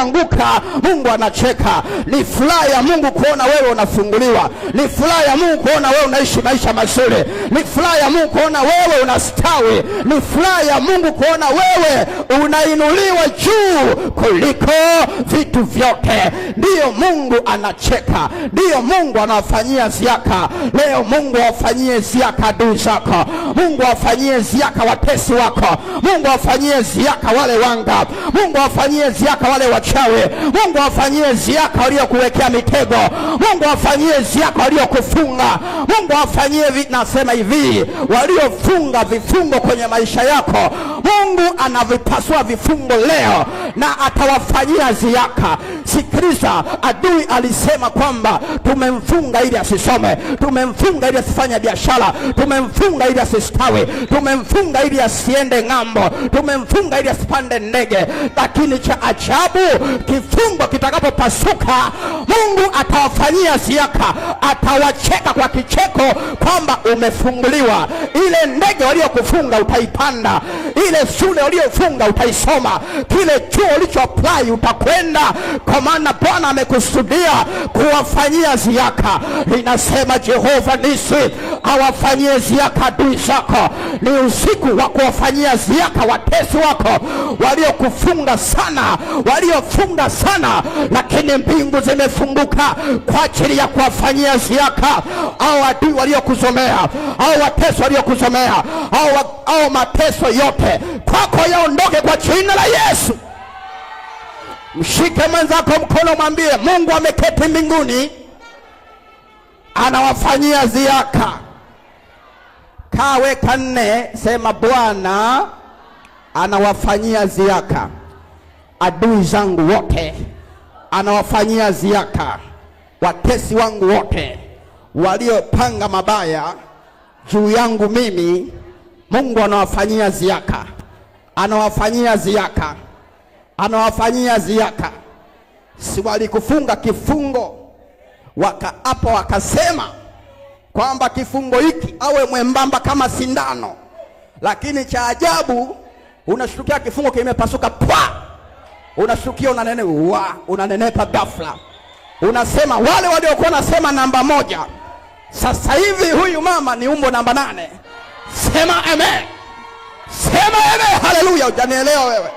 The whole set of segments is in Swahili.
ukianguka Mungu anacheka. Ni furaha ya Mungu kuona wewe unafunguliwa, ni furaha ya Mungu kuona wewe unaishi maisha mazuri, ni furaha ya Mungu kuona wewe unastawi, ni furaha ya Mungu kuona wewe unainuliwa juu kuliko vitu vyote. Ndiyo Mungu anacheka, ndiyo Mungu anawafanyia ziaka leo. Mungu awafanyie ziaka adui zako, Mungu awafanyie ziaka watesi wako, Mungu awafanyie ziaka wale wanga, Mungu awafanyie ziaka wale wachi uchawi. Mungu afanyie ziaka waliokuwekea mitego. Mungu afanyie ziaka waliokufunga. Mungu afanyie vi, nasema hivi, waliofunga vifungo kwenye maisha yako, Mungu anavipasua vifungo leo na atawafanyia ziaka. Sikiliza, adui alisema kwamba tumemfunga ili asisome, tumemfunga ili asifanye biashara, tumemfunga ili asistawi, tumemfunga ili asiende ng'ambo, tumemfunga ili asipande ndege. Lakini cha ajabu, kifungo kitakapopasuka, Mungu atawafanyia ziaka, atawacheka kwa kicheko kwamba umefunguliwa. Ile ndege waliokufunga utaipanda, ile shule waliofunga utaisoma, kile chuo ulichoapply utakwenda, kwa maana Bwana amekusudia kuwafanyia ziaka. Linasema Jehova Nisi awafanyie ziaka adui zako. Ni usiku wa kuwafanyia ziaka watesi wako waliokufunga sana, waliofunga sana, lakini mbingu zimefunguka kwa ajili ya kuwafanyia ziaka au adui waliokuzomea au watesi waliokuzomea au, au mateso yote kwako yaondoke kwa jina la Yesu. Mshike mwenzako mkono, mwambie Mungu ameketi mbinguni anawafanyia ziaka. Kaweka nne, sema Bwana anawafanyia ziaka adui zangu wote, anawafanyia ziaka watesi wangu wote waliopanga mabaya juu yangu mimi. Mungu anawafanyia ziaka, anawafanyia ziaka anawafanyia ziaka, si walikufunga kifungo wakaapa wakasema kwamba kifungo hiki awe mwembamba kama sindano, lakini cha ajabu unashtukia kifungo kimepasuka pwa, unashtukia unanene wa unanenepa ghafla, unasema wale waliokuwa nasema namba moja sasa hivi huyu mama ni umbo namba nane. Sema amen, sema amen, haleluya! Ujanielewa wewe?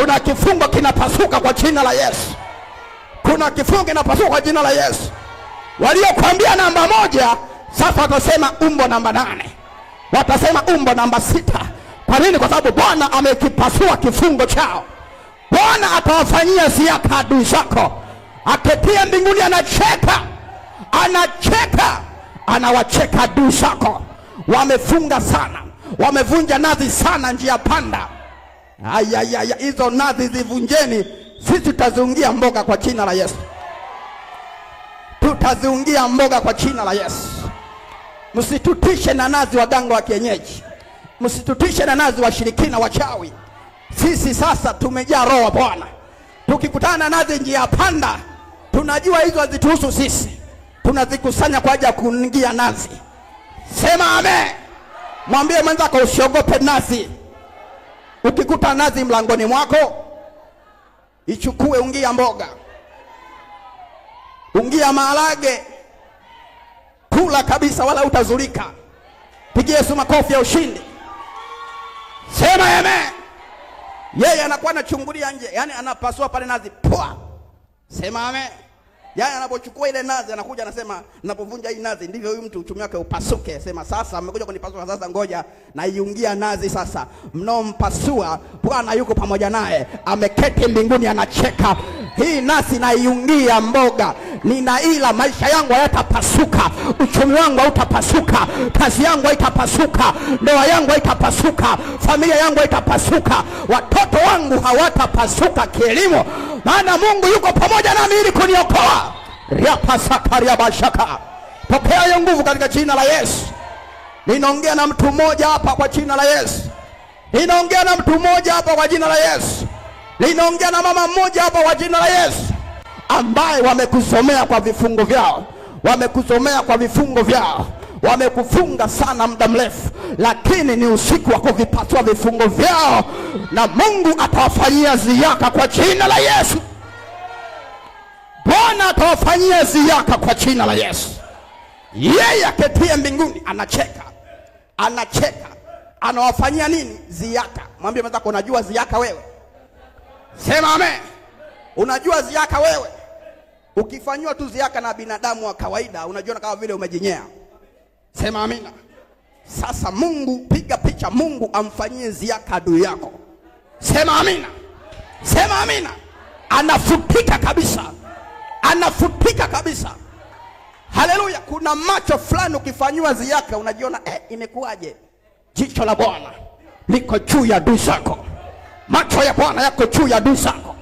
Kuna kifungo kinapasuka kwa jina la Yesu. Kuna kifungo kinapasuka kwa jina la Yesu. Waliokuambia namba moja sasa watasema umbo namba nane, watasema umbo namba sita. Kwa nini? Kwa sababu Bwana amekipasua kifungo chao. Bwana atawafanyia siaka adui zako. Aketie mbinguni anacheka, anacheka, anawacheka adui zako. Wamefunga sana, wamevunja nazi sana, njia panda Ayayaya, hizo nazi zivunjeni. Sisi tutaziungia mboga kwa jina la Yesu, tutaziungia mboga kwa jina la Yesu. Msitutishe na nazi waganga wa kienyeji, msitutishe na nazi washirikina wachawi. Sisi sasa tumejaa roho wa Bwana, tukikutana nazi njia panda, tunajua hizo hazituhusu sisi, tunazikusanya kwa ajili ya kuingia nazi. Sema amen, mwambie mwenzako usiogope nazi. Ukikuta nazi mlangoni mwako, ichukue ungia mboga, ungia maharage, kula kabisa, wala utazulika. Pigie Yesu makofi ya ushindi, sema amen. Yeye anakuwa anachungulia nje, yaani anapasua pale nazi, poa, sema amen. Yaani anapochukua ile nazi anakuja anasema ninapovunja hii nazi ndivyo huyu mtu uchumi wake upasuke. Sema sasa mmekuja kunipasua sasa ngoja naiungia nazi sasa. Mnaompasua Bwana yuko pamoja naye. Ameketi mbinguni anacheka hii nasi naiungia mboga, ninaila, maisha yangu hayatapasuka, uchumi wangu hautapasuka, kazi yangu haitapasuka, ndoa yangu haitapasuka, familia yangu haitapasuka, watoto wangu hawatapasuka kielimo maana Mungu yuko pamoja nami ili kuniokoa. riapasakariabashaka pokea hiyo nguvu katika jina la Yesu. Ninaongea na mtu mmoja hapa kwa jina la Yesu. Ninaongea na mtu mmoja hapa kwa jina la Yesu. Linaongea na mama mmoja hapa wa jina la Yesu ambaye wamekusomea kwa vifungo vyao, wamekusomea kwa vifungo vyao, wamekufunga sana muda mrefu, lakini ni usiku wa kuvipatwa vifungo vyao, na Mungu atawafanyia ziaka kwa jina la Yesu. Bwana atawafanyia ziaka kwa jina la Yesu. Yeye aketie mbinguni anacheka, anacheka, anawafanyia nini? Ziaka. Mwambie mwenzako, unajua ziaka wewe Sema amen. Unajua ziaka wewe ukifanyiwa tu ziaka na binadamu wa kawaida unajiona kama vile umejinyea. Sema amina. Sasa Mungu, piga picha, Mungu amfanyie ziaka adui yako. Sema amina. Sema amina. Anafutika kabisa, anafutika kabisa. Haleluya! Kuna macho fulani ukifanyiwa ziaka unajiona eh, imekuwaje? Jicho la Bwana liko juu ya adui zako. Macho ya Bwana yako juu ya adui zako.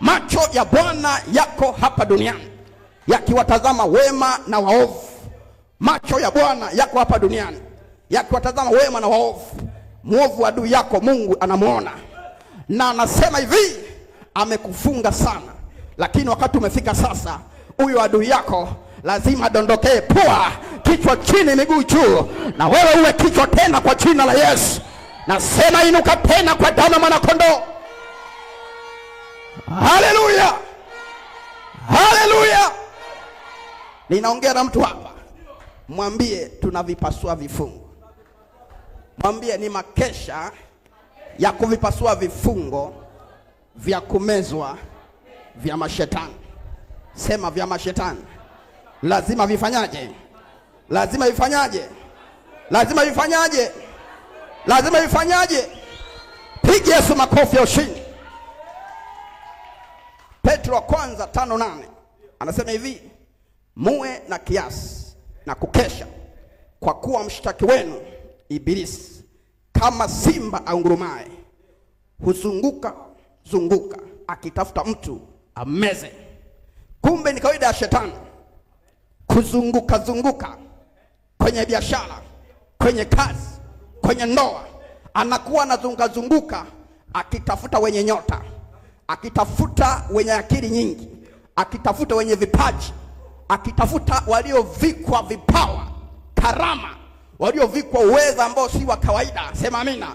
Macho ya Bwana yako hapa duniani yakiwatazama wema na waovu. Macho ya Bwana yako hapa duniani yakiwatazama wema na waovu. Mwovu adui yako Mungu anamwona na anasema hivi, amekufunga sana, lakini wakati umefika sasa, huyo adui yako lazima adondokee, pua kichwa chini, miguu juu, na wewe uwe kichwa tena, kwa jina la Yesu. Nasema inuka tena kwa damu ya mwanakondoo. Haleluya, haleluya! Ninaongea na mtu hapa, mwambie tunavipasua vifungo, mwambie ni makesha ya kuvipasua vifungo vya kumezwa vya mashetani. Sema vya mashetani lazima vifanyaje? Lazima vifanyaje? Lazima vifanyaje? lazima ifanyaje? Pigi Yesu makofi ya ushindi. Petro wa kwanza tano nane anasema hivi, muwe na kiasi na kukesha, kwa kuwa mshtaki wenu Ibilisi kama simba angurumaye huzunguka zunguka akitafuta mtu ameze. Kumbe ni kawaida ya shetani kuzunguka zunguka kwenye biashara, kwenye kazi kwenye ndoa, anakuwa anazungazunguka akitafuta wenye nyota, akitafuta wenye akili nyingi, akitafuta wenye vipaji, akitafuta waliovikwa vipawa, karama, waliovikwa uweza ambao si wa kawaida. Sema amina,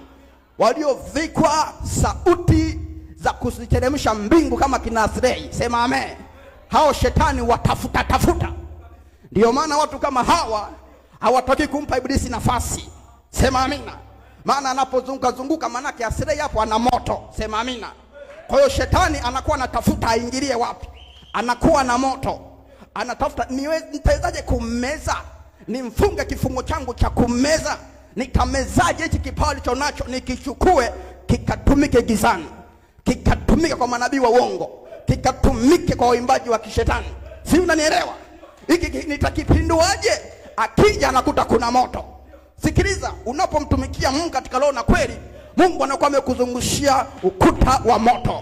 waliovikwa sauti za kuziteremsha mbingu kama kina Asrei. Sema amen. Hao shetani watafuta tafuta. Ndiyo maana watu kama hawa hawataki kumpa Ibilisi nafasi. Sema amina. Maana anapozunguka zunguka, maanake asirei hapo ana moto. Sema amina. Kwa hiyo shetani anakuwa anatafuta aingilie wapi, anakuwa na moto, anatafuta nitawezaje kummeza, nimfunge kifungo changu cha kummeza, nitamezaje hichi kipawa licho nacho, nikichukue kikatumike gizani, kikatumike kwa manabii wa uongo, kikatumike kwa waimbaji wa kishetani, si unanielewa? Hiki nitakipinduaje? Akija anakuta kuna moto Sikiliza, unapomtumikia Mungu katika roho na kweli, Mungu anakuwa amekuzungushia ukuta wa moto,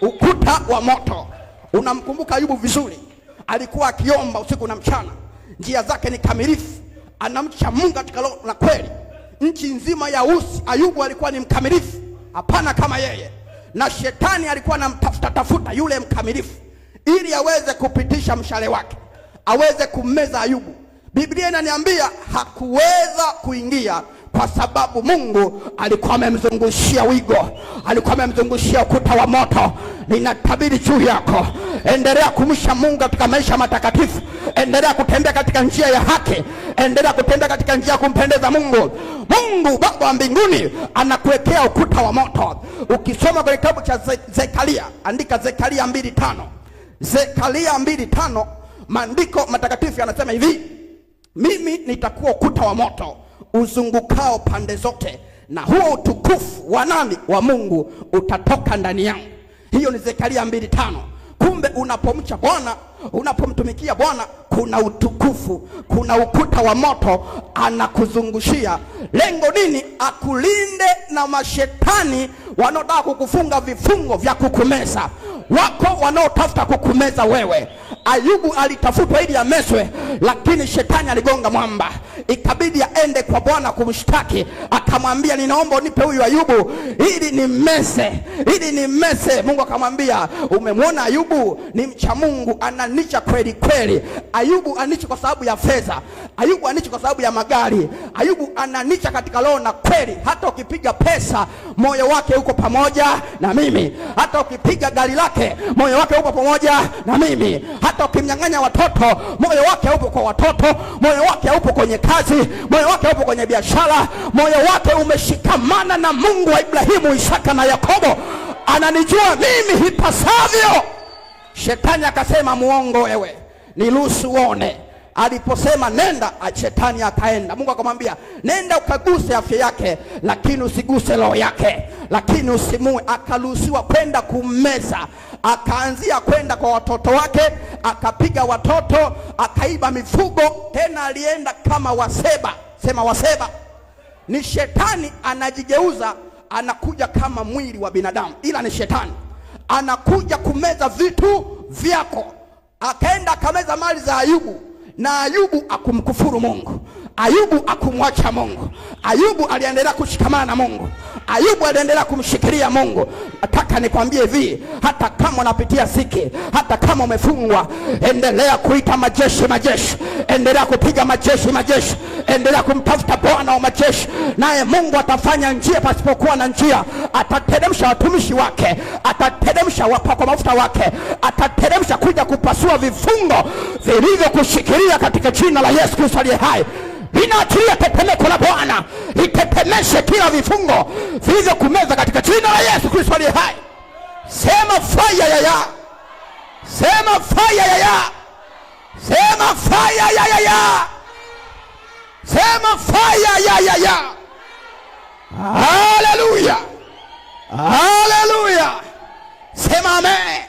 ukuta wa moto. Unamkumbuka Ayubu vizuri, alikuwa akiomba usiku na mchana, njia zake ni kamilifu, anamcha Mungu katika roho na kweli. Nchi nzima ya Usi, Ayubu alikuwa ni mkamilifu, hapana kama yeye, na shetani alikuwa anamtafuta tafuta yule mkamilifu, ili aweze kupitisha mshale wake, aweze kummeza Ayubu. Biblia inaniambia hakuweza kuingia kwa sababu Mungu alikuwa amemzungushia wigo, alikuwa amemzungushia ukuta wa moto. Ninatabiri juu yako, endelea kumsha Mungu katika maisha matakatifu, endelea kutembea katika njia ya haki, endelea kutembea katika njia ya kumpendeza Mungu. Mungu Baba wa mbinguni anakuwekea ukuta wa moto. Ukisoma kwenye kitabu cha Zekaria, andika Zekaria 2:5, Zekaria 2:5, maandiko matakatifu yanasema hivi mimi nitakuwa ukuta wa moto uzungukao pande zote, na huo utukufu wa nani? Wa Mungu utatoka ndani yangu. Hiyo ni Zekaria mbili tano. Kumbe unapomcha Bwana, unapomtumikia Bwana, kuna utukufu, kuna ukuta wa moto anakuzungushia. Lengo nini? Akulinde na mashetani wanaotaka kukufunga vifungo vya kukumeza. Wako wanaotafuta kukumeza wewe Ayubu alitafutwa ili ameswe, lakini shetani aligonga mwamba, ikabidi aende kwa Bwana kumshtaki, akamwambia ninaomba unipe huyu Ayubu ili ni mese, ili ni mese. Mungu akamwambia umemwona Ayubu ni mcha Mungu, ananicha kweli kweli. Ayubu anichi kwa sababu ya fedha, Ayubu anichi kwa sababu ya magari, Ayubu ananicha katika roho na kweli, hata ukipiga pesa moyo wake uko pamoja na mimi. Hata ukipiga gari lake, moyo wake uko pamoja na mimi. Hata ukimnyang'anya watoto, moyo wake upo kwa watoto, moyo wake upo kwenye kazi, moyo wake upo kwenye biashara, moyo wake umeshikamana na Mungu wa Ibrahimu, Isaka na Yakobo. Ananijua mimi hipasavyo. Shetani akasema, muongo wewe, niruhusu uone aliposema nenda, shetani akaenda. Mungu akamwambia nenda ukaguse afya yake, lakini usiguse roho yake, lakini usimue. Akaruhusiwa kwenda kummeza, akaanzia kwenda kwa watoto wake, akapiga watoto, akaiba mifugo, tena alienda kama waseba. Sema waseba, ni shetani anajigeuza, anakuja kama mwili wa binadamu, ila ni shetani anakuja kumeza vitu vyako. Akaenda akameza mali za Ayubu na Ayubu akumkufuru Mungu, Ayubu akumwacha Mungu, Ayubu aliendelea kushikamana na Mungu. Ayubu aliendelea kumshikilia Mungu. Nataka nikwambie hivi, hata kama unapitia siki, hata kama umefungwa, endelea kuita majeshi majeshi, endelea kupiga majeshi majeshi, endelea kumtafuta Bwana wa majeshi, naye Mungu atafanya njia pasipokuwa na njia. Atateremsha watumishi wake, atateremsha wapakwa mafuta wake, atateremsha kuja kupasua vifungo vilivyokushikilia katika jina la Yesu Kristo aliye hai inaachilia tetemeko la Bwana litetemeshe kila vifungo kumeza katika jina la Yesu Kristo aliye hai. Sema faya ya, sema faya ya, sema faya ya, sema faya ya. Haleluya, haleluya, sema amen.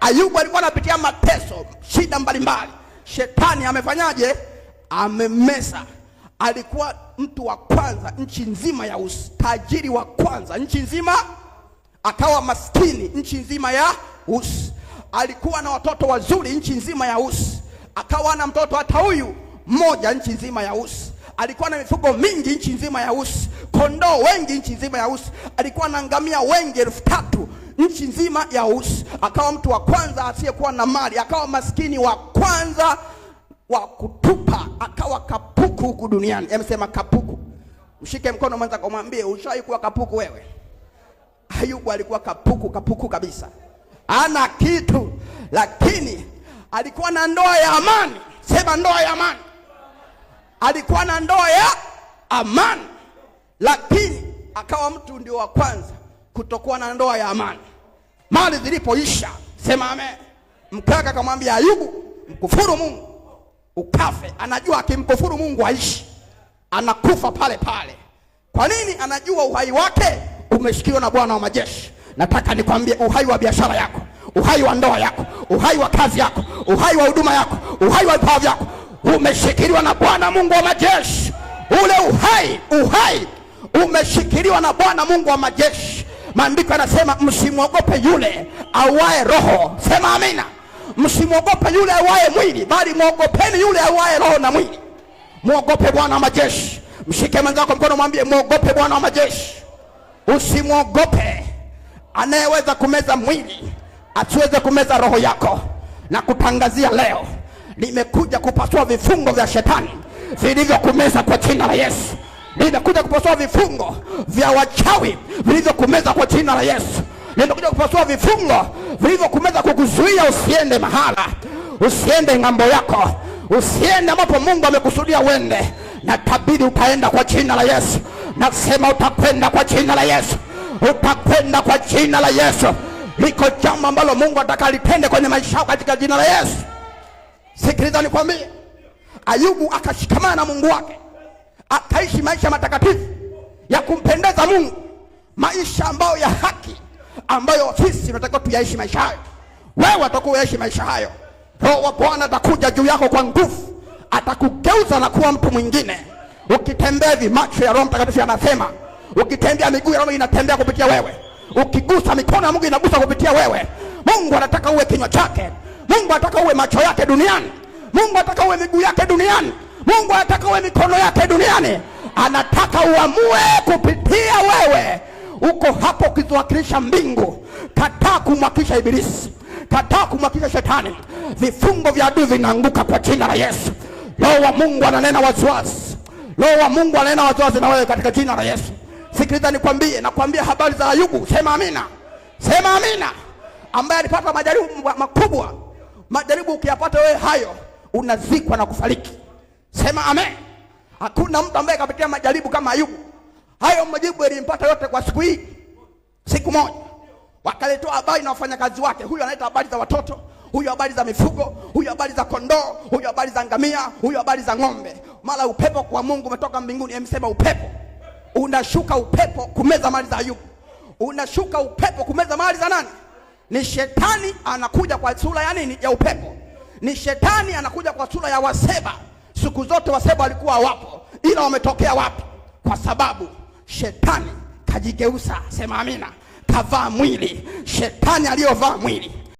Ayubu alikuwa anapitia mateso, shida mbalimbali mbali. Shetani amefanyaje? Amemesa alikuwa mtu wa kwanza nchi nzima ya utajiri wa kwanza nchi nzima, akawa maskini nchi nzima ya Usi. Alikuwa na watoto wazuri nchi nzima ya Usi, akawa na mtoto hata huyu mmoja nchi nzima ya Usi. Alikuwa na mifugo mingi nchi nzima ya Usi, kondoo wengi nchi nzima ya Usi. Alikuwa na ngamia wengi elfu tatu nchi nzima ya Usi. Akawa mtu wa kwanza asiyekuwa na mali, akawa maskini wa kwanza wa kutupa, akawa kap kuku duniani. Emsema kapuku. Mshike mkono mwanza kumwambie ushawahi kuwa kapuku wewe. Ayubu alikuwa kapuku kapuku kabisa, ana kitu lakini alikuwa na ndoa ya amani. Sema ndoa ya amani. Alikuwa na ndoa ya amani, lakini akawa mtu ndio wa kwanza kutokuwa na ndoa ya amani. Mali zilipoisha, sema amen. Mkaka akamwambia Ayubu, mkufuru Mungu ukafe. Anajua akimkufuru Mungu aishi anakufa pale pale. Kwa nini? Anajua uhai wake umeshikiwa na Bwana wa majeshi. Nataka nikwambie, uhai wa biashara yako, uhai wa ndoa yako, uhai wa kazi yako, uhai wa huduma yako, uhai wa vipawa vyako umeshikiliwa na Bwana Mungu wa majeshi. Ule uhai, uhai umeshikiliwa na Bwana Mungu wa majeshi. Maandiko yanasema msimwogope yule auaye roho. Sema amina msimwogope yule awaye mwili, bali mwogopeni yule awaye roho na mwili. Mwogope Bwana wa majeshi. Mshike mwenzako mkono, mwambie mwogope Bwana wa majeshi. Usimwogope anayeweza kumeza mwili, asiweze kumeza roho yako. Na kutangazia leo, nimekuja kupasua vifungo vya shetani vilivyokumeza kwa jina la Yesu. Nimekuja kupasua vifungo vya wachawi vilivyokumeza kwa jina la Yesu nimekuja kupasua vifungo vilivyokumeza kukuzuia usiende mahala, usiende ng'ambo yako, usiende ambapo Mungu amekusudia uende. tabidi utaenda kwa jina la Yesu. Nasema utakwenda kwa jina la Yesu, utakwenda kwa jina la Yesu. Liko jambo ambalo Mungu atakalitende kwenye maisha yako katika jina la Yesu. Sikiliza nikwambie, Ayubu akashikamana na Mungu wake, akaishi maisha matakatifu ya kumpendeza Mungu, maisha ambayo ya haki ambayo sisi tunatakiwa tuyaishi maisha hayo. Wewe utakuwa unaishi maisha hayo. Roho wa Bwana atakuja juu yako kwa nguvu, atakugeuza na kuwa mtu mwingine. Ukitembea hivi, macho ya Roho Mtakatifu yanasema, ukitembea, miguu ya Roho inatembea kupitia wewe, ukigusa, mikono ya Mungu inagusa kupitia wewe. Mungu anataka uwe kinywa chake, Mungu anataka uwe macho yake duniani, Mungu anataka uwe miguu yake duniani, Mungu anataka uwe mikono yake duniani, anataka uamue kupitia wewe uko hapo ukiziwakilisha mbingu. Kataa kumwakilisha Ibilisi, kataa kumwakilisha Shetani. Vifungo vya adui vinaanguka kwa jina la Yesu. Roho wa Mungu ananena waziwazi, Roho wa Mungu ananena waziwazi na wewe katika jina la Yesu. Sikiliza nikwambie, nakwambia habari za Ayubu. Sema amina, sema amina, ambaye alipata majaribu makubwa. Majaribu ukiyapata wewe hayo, unazikwa na kufariki. Sema amen. Hakuna mtu ambaye kapitia majaribu kama Ayubu. Hayo majibu yalimpata yote kwa siku hii, siku moja. Wakaletoa habari na wafanyakazi wake, huyu analeta habari za watoto, huyu habari za mifugo, huyu habari za kondoo, huyu habari za ngamia, huyu habari za ng'ombe. Mara upepo kwa Mungu umetoka mbinguni, amsema upepo unashuka, upepo kumeza mali za Ayubu, unashuka upepo kumeza mali za nani? Ni shetani anakuja kwa sura ya nini? Ya upepo. Ni shetani anakuja kwa sura ya Waseba. Siku zote Waseba walikuwa wapo, ila wametokea wapi? Kwa sababu shetani kajigeuza, sema amina, kavaa mwili. Shetani aliyovaa mwili